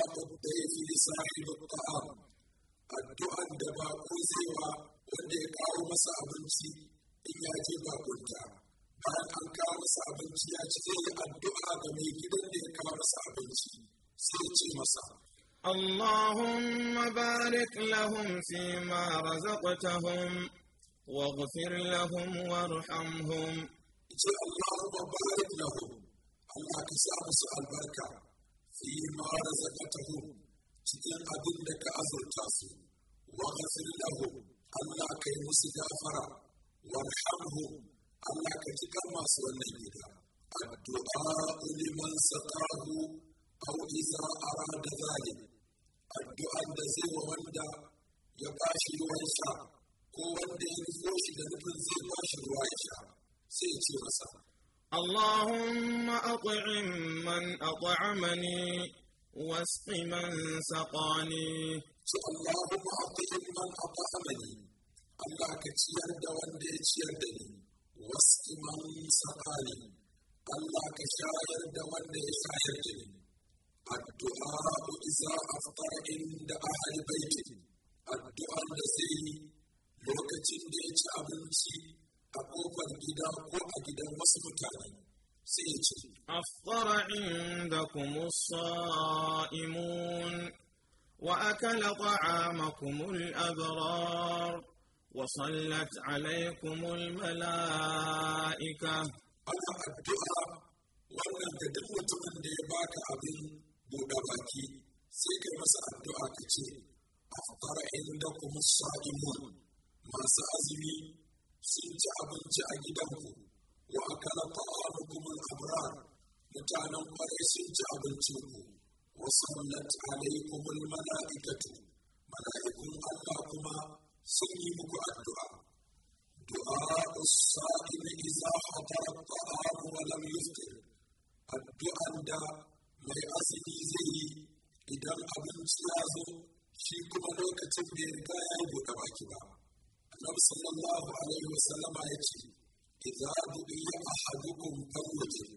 إعطاء الضيف لصاحب الطعام addu'an da ba ko zaiwa wanda ya kawo masa abinci in ya je bakunta bayan an kawo masa abinci ya ci zai yi addu'a ga mai gidan da ya kawo masa abinci sai ce masa اللهم بارك لهم فيما رزقتهم واغفر لهم وارحمهم اللهم بارك لهم الله كسام البركه فيما رزقته cikin abin da ka azurta su wa ghafir lahum Allah kai musu gafara warhamhu Allah ka ji masu wannan gida addu'a liman saqahu aw idza arada zalik addu'a da zai wa wanda ya bashi ruwan sha ko wanda ya nufo shi da nufin zai bashi ruwa ya sha sai ce masa اللهم أطعم من أطعمني واسق من سقاني اللهم أطعم من أطعمني الله كتير دوان دي تيردني واسق من سقاني الله كشاير دوان دي شايردني الدعاء إذا أفطر عند أهل بيته الدعاء الذي لوكتين دي أبنتي أقوى الجدا وأجدا أفطر عندكم الصائمون وأكل طعامكم الأبرار وصلت عليكم الملائكة أفطر عندكم الصائمون ما سأزمي سنت أبنت أجدكم وأكل طعامكم الأبرار متعنا قريش جابنتيكم وصلت عليكم الملائكة ملائكم ألاكما سنيمك الدعاء دعاء الصائم إذا حضر الطعام ولم يفطر الدعاء دا ما يأسني زي إذا أبنت يازو shi kuma lokacin da ya riga ya yi buɗe baki ba. Annabi sallallahu alaihi wasallama ya ce, إذا دعي أحدكم فليجب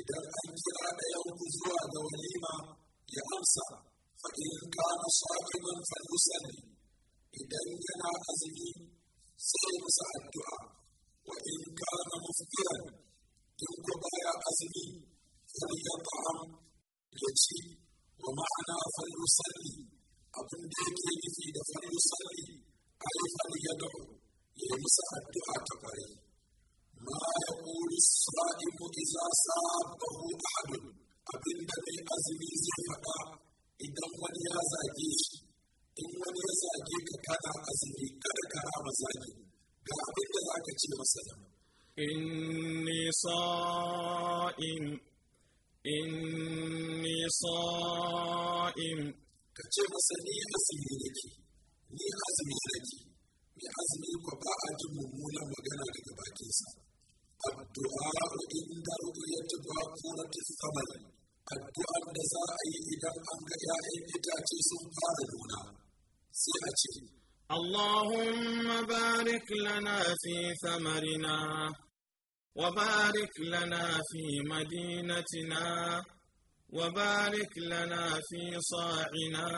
إذا أنت يوم زواد وليمة يا أمسى فإن كان صائما فليصلي إذا ينا أزمي صيم الدعاء وإن كان مفطرا إن كبايا أزمي فليطعم يجي ومعنا فليصلي أبن ديكي في فليصلي أي فليدعو يمسى الدعاء كبري ما يقول الصائم إذا سابه أحد أبن بني أزمي زي فدا إذا ولي زاجيش إن ولي زاجيك كذا أزمي كذا كرام زاجي ga abin da za ka ce masa da إني صائم إني صائم كتب سنين سنينك ita du'a addu'ar da za a yi idan an ga 'ya'yan itace sun fara nuna sai a ce اللهم بارك لنا في ثمرنا وبارك لنا في مدينتنا وبارك لنا في صاعنا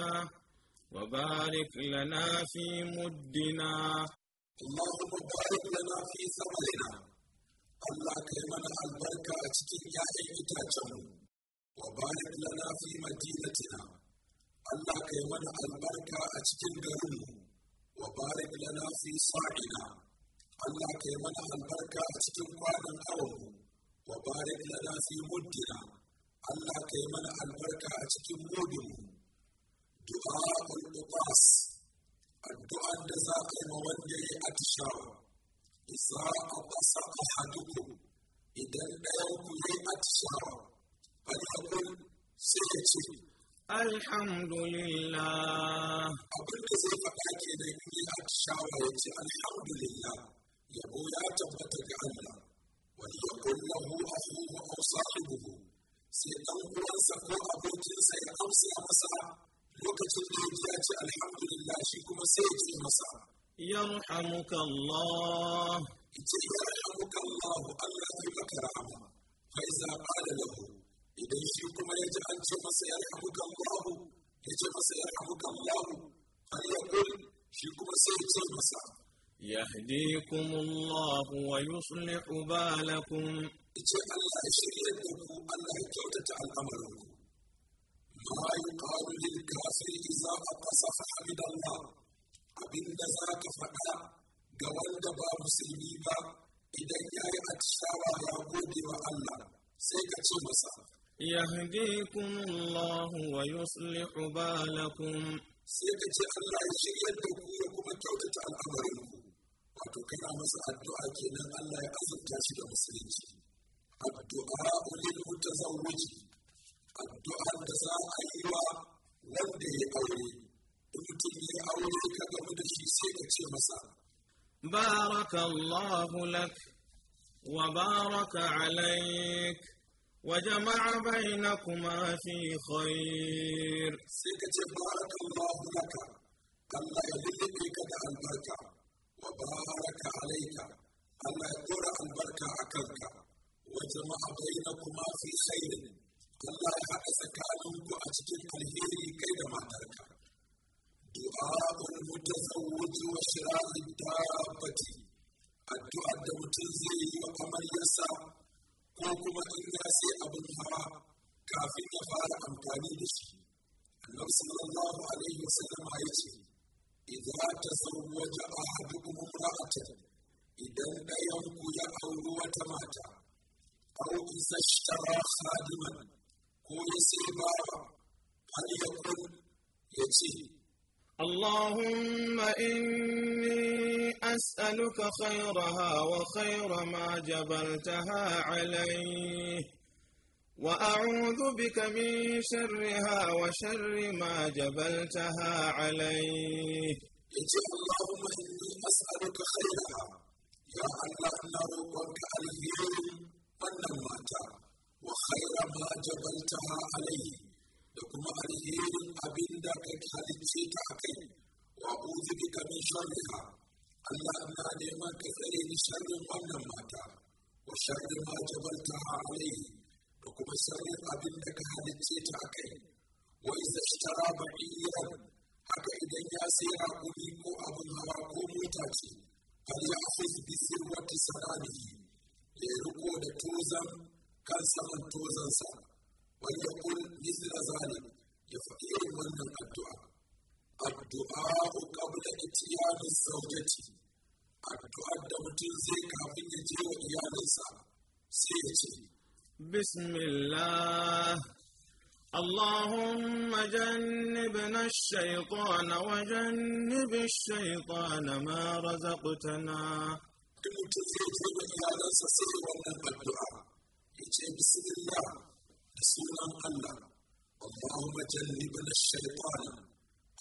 وبارك لنا في مدنا اللهم بارك لنا في ثمرنا Allah ka yi mana albarka a cikin ‘ya'yan itacenmu, wa barik lana fi madinatina, Allah ka yi mana albarka a cikin garinmu, wa barik lana fi sa'ina, Allah ka yi mana albarka a cikin kwanan awonmu, wa barik lana fi muddina, Allah ka yi mana albarka a cikin mudinmu. Du'a al-Qur'as, addu'an da za ka yi ma wanda ya yi atishawa. إسراء بصر أحدكم إذا الآن أبصر فليقل سيتي الحمد لله أبن زي فقاكي نيكي أبشر ويتي الحمد لله يبو يا تبتك الله وليقل له أخوه أو صاحبه سيدان قوانسا كو أبوكين سيأمسي أمسا لوكتن يجي الحمد لله شيكم سيجي مسا يرحمك الله يرحمك الله الذي لك رحمه فإذا قال له إذا يشركم يجعل شمس سيرحمك الله يجب سيرحمك الله فليقل شيكم سيرحمك الله يهديكم الله ويصلح بالكم إجعل الله شريككم الله جودة الأمركم ما يقال للكافر إذا أقصى حمد الله abin da za ka faɗa ga wanda ba musulmi ba idan ya yi atishawa ya gode wa Allah sai ka ce masa يهديكم الله ويصلح بالكم سيكتي الله يشري الدكو يكما كوتة الأمرين وتكرى مسا الدعاء كنا الله يأذب تاشد مسلمين الدعاء للمتزوج الدعاء تزاء أيوة وندي أولي بارك الله لك وبارك عليك وجمع بينكما في خير بارك الله لك الله يبلغك دع البركة وبارك عليك الله يدر البركة عكرك وجمع بينكما في خير الله يحدثك أنك أتجد الهير كيدما تركك طعام المتزوج وشراء الدابة addu'ar da mutum zai yi wa amaryarsa ko kuma in ya sai abin hawa kafin ya fara amfani da shi annabi sallallahu alaihi wasallam ya ce idza tazawwaja ahadukum imra'atan idan ɗayan ku ya auri wata mata aw ishtara khadiman ko ya sai bawa hal yakun ya ce اللهم إني أسألك خيرها وخير ما جبلتها عليه وأعوذ بك من شرها وشر ما جبلتها عليه اللهم إني أسألك خيرها يا الله نروقك الهيل أن المات وخير ما جبلتها عليه da kuma alherin abin da ka halicce ta a kai wa uzu bika min sharriha Allah ina neman ka tsare ni sharrin wannan mata wa sharrin ma jabalta alaihi da kuma sharrin abin da ka halicce ta a kai wa iza ishtara ba'iyan haka idan ya sai raƙumi ko abin hawa ko mota ce kar ya fi bisir wata sanani ya riko da tozan kan saman tozansa. وليقل مثل ذلك يفعل من الدعاء الدعاء قبل اتيان الزوجة الدعاء da mutum zai kafin ya je wa iyalinsa sai ya ce bismillah اللهم جنبنا الشيطان وجنب الشيطان ما رزقتنا mutum zai je wa iyalinsa sai wannan addu'a ya ce bismillah سوى قلا اللهم جنبنا الشيطان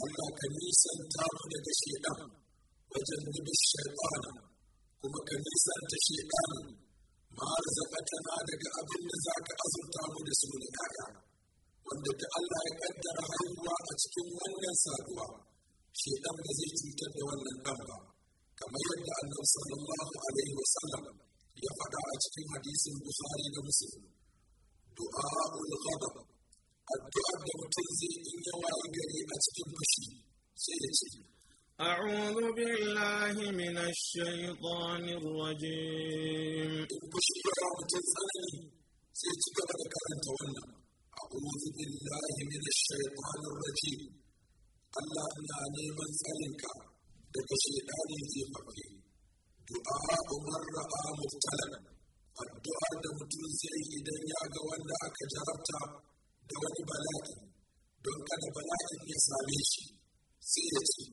الله كنيسا تامنا تشيئا وجنب الشيطان كما كنيسا تشيئا ما رزقتنا لك أبن ذاك أزرتاه لسول آية وندك الله يقدر هيوا أتكن من سادوا شيطان بزي تلتد ونن أمبا كما يدعى النبي صلى الله عليه وسلم يفقع أتكن حديث البخاري ومسلم دعاء الغضب الدعاء da mutum zai in ya wayi gari a cikin fushi sai ya ce أعوذ بالله من الشيطان الرجيم أعوذ بالله من الشيطان الرجيم الله علي من سالنك دك شيطاني في قبره دعاء من رأى مبتلا addu'ar da mutum zai yi idan ya ga wanda aka jarabta da wani bala'i don kada bala'in ya same shi sai ya ce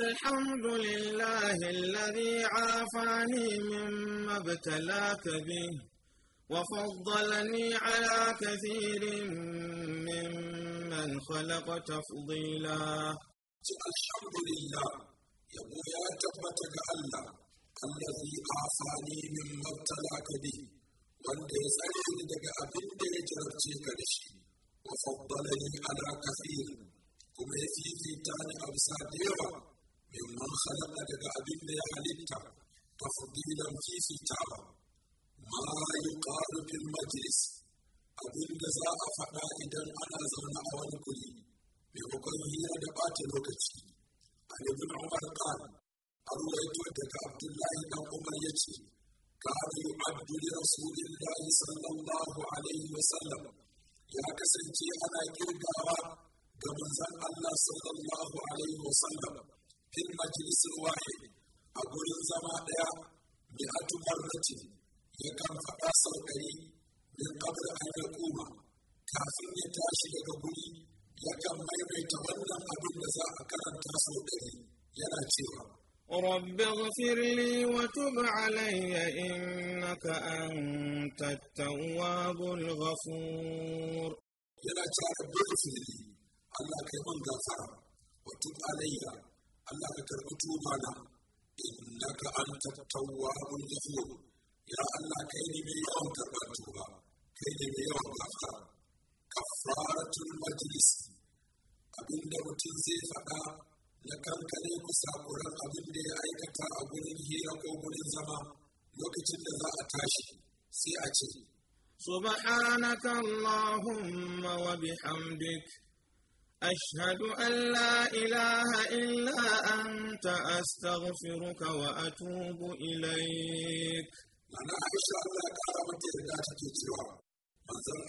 الحمد لله الذي عافاني مما ابتلاك به وفضلني على كثير ممن خلق تفضيلا الحمد لله يا ابويا تبتك الله allazi afani min mabtalaka bihi wanda ya tsare ni daga abin da ya jarabce ka da shi wa faddalani ala kafir kuma ya fifita ni a bisa da yawa mimman khalaqa daga abin da ya halitta tafdilan fifitawa ma yuqalu fil majlis abin da za a faɗa idan ana zaune a wani guri maimakon hira da ɓata lokaci an ibn umar qala an waito daga abdullahi dan umar ya ce kana yu'addu li rasulillahi sallallahu alaihi wasallam ya kasance ana kirgawa ga manzon Allah sallallahu alaihi wasallam fil majlis wahid a gurin zama daya bi atu marrati ya kan faɗa sau ɗari min qabl an yaquma kafin ya tashi daga guri ya kan maimaita wannan abin da za a karanta sau ɗari yana cewa رب اغفر لي وتب علي إنك أنت التواب الغفور يلا رب اغفر لي الله كمن غفر وتب علي الله كركتوب أنا إنك أنت التواب الغفور يا الله كيني بيوم كركتوبة كيني بيوم غفر كفارة المجلس أبن متنزي فقط na kankare kusa kuran abin da ya aikata a gurin hira ko gurin zama lokacin da za a tashi sai a ce سبحانك اللهم وبحمدك أشهد أن لا إله إلا أنت أستغفرك وأتوب إليك أنا من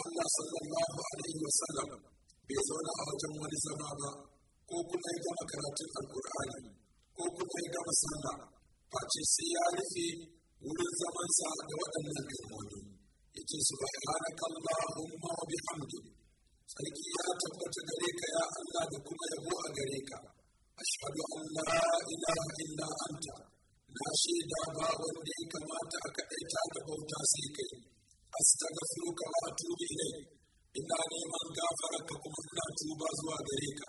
الله صلى الله عليه وسلم بيزونا ko kuma ya gama karatun alkur'ani ko kuma ya gama sallah face sai ya rufe wurin zamansa da waɗannan kalmomi yake subhanaka allahumma wa bihamdik sarki ya tabbata gare ka ya Allah da kuma yabo a gare ka ashhadu an la ilaha illa anta na shaida ba wanda ya kamata a kaɗaita da bauta sai kai astaghfiruka wa atubu ilayk ina neman gafararka kuma ina tuba zuwa gare ka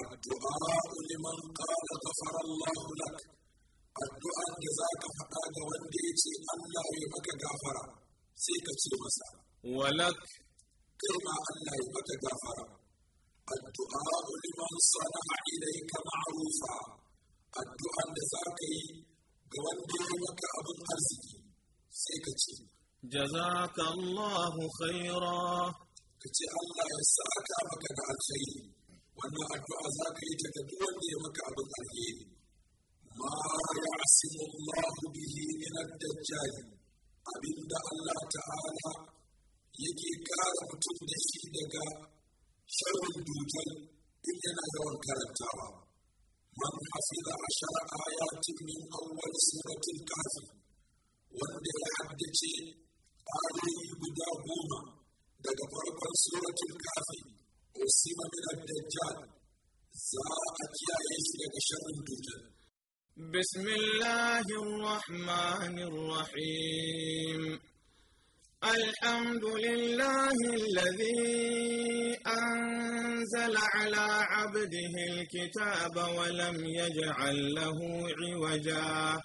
الدعاء لمن قال غفر الله لك الدعاء جزاك فقاد ونديتي الله لا يبكى غفر سيكا تلمسا ولك كرما الله لا يبكى غفر الدعاء لمن صنع إليك معروفا الدعاء جزاك ونديتي لك أبو القرزي سيكا جزاك الله خيرا كتي الله يساك أبكى الخير wannan addu'a za ka yi ta ga duk wanda ya maka abin alheri ma ya'simu Allah bihi min ad-dajjal abinda Allah ta'ala yake kare mutum da shi daga sharrin dujal in yana yawan karantawa man hafiza ashara ayatin min awwal suratil kahfi wanda ya haddace ayoyi guda goma daga farkon suratul kahfi قسم من الدجال يا بسم الله الرحمن الرحيم الحمد لله الذي أنزل على عبده الكتاب ولم يجعل له عوجاً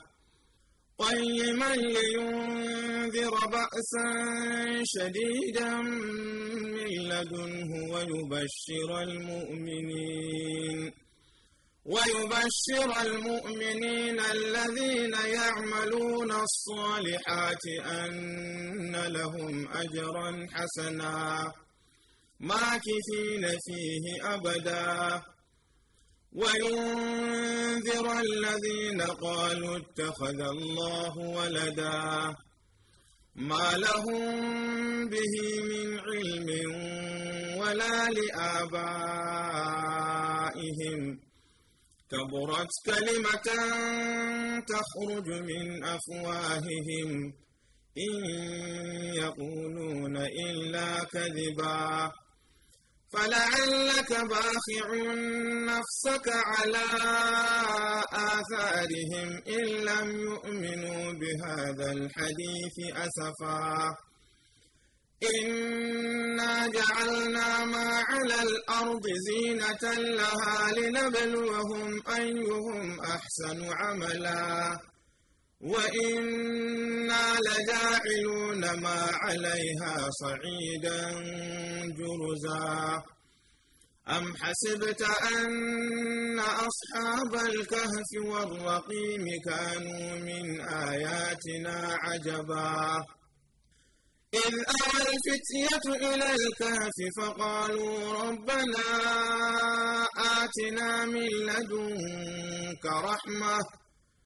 قيما لينذر بأسا شديدا من لدنه ويبشر المؤمنين ويبشر المؤمنين الذين يعملون الصالحات أن لهم أجرا حسنا ماكثين فيه أبداً وينذر الذين قالوا اتخذ الله ولدا ما لهم به من علم ولا لآبائهم كبرت كلمة تخرج من أفواههم إن يقولون إلا كذباً فلعلك باخع نفسك على آثارهم إن لم يؤمنوا بهذا الحديث أسفا إنا جعلنا ما على الأرض زينة لها لنبلوهم أيهم أحسن عملا وإن لجاعلون ما عليها صعيدا جرزا أم حسبت أن أصحاب الكهف والرقيم كانوا من آياتنا عجبا إذ أوى الفتية إلى الكهف فقالوا ربنا آتنا من لدنك رحمة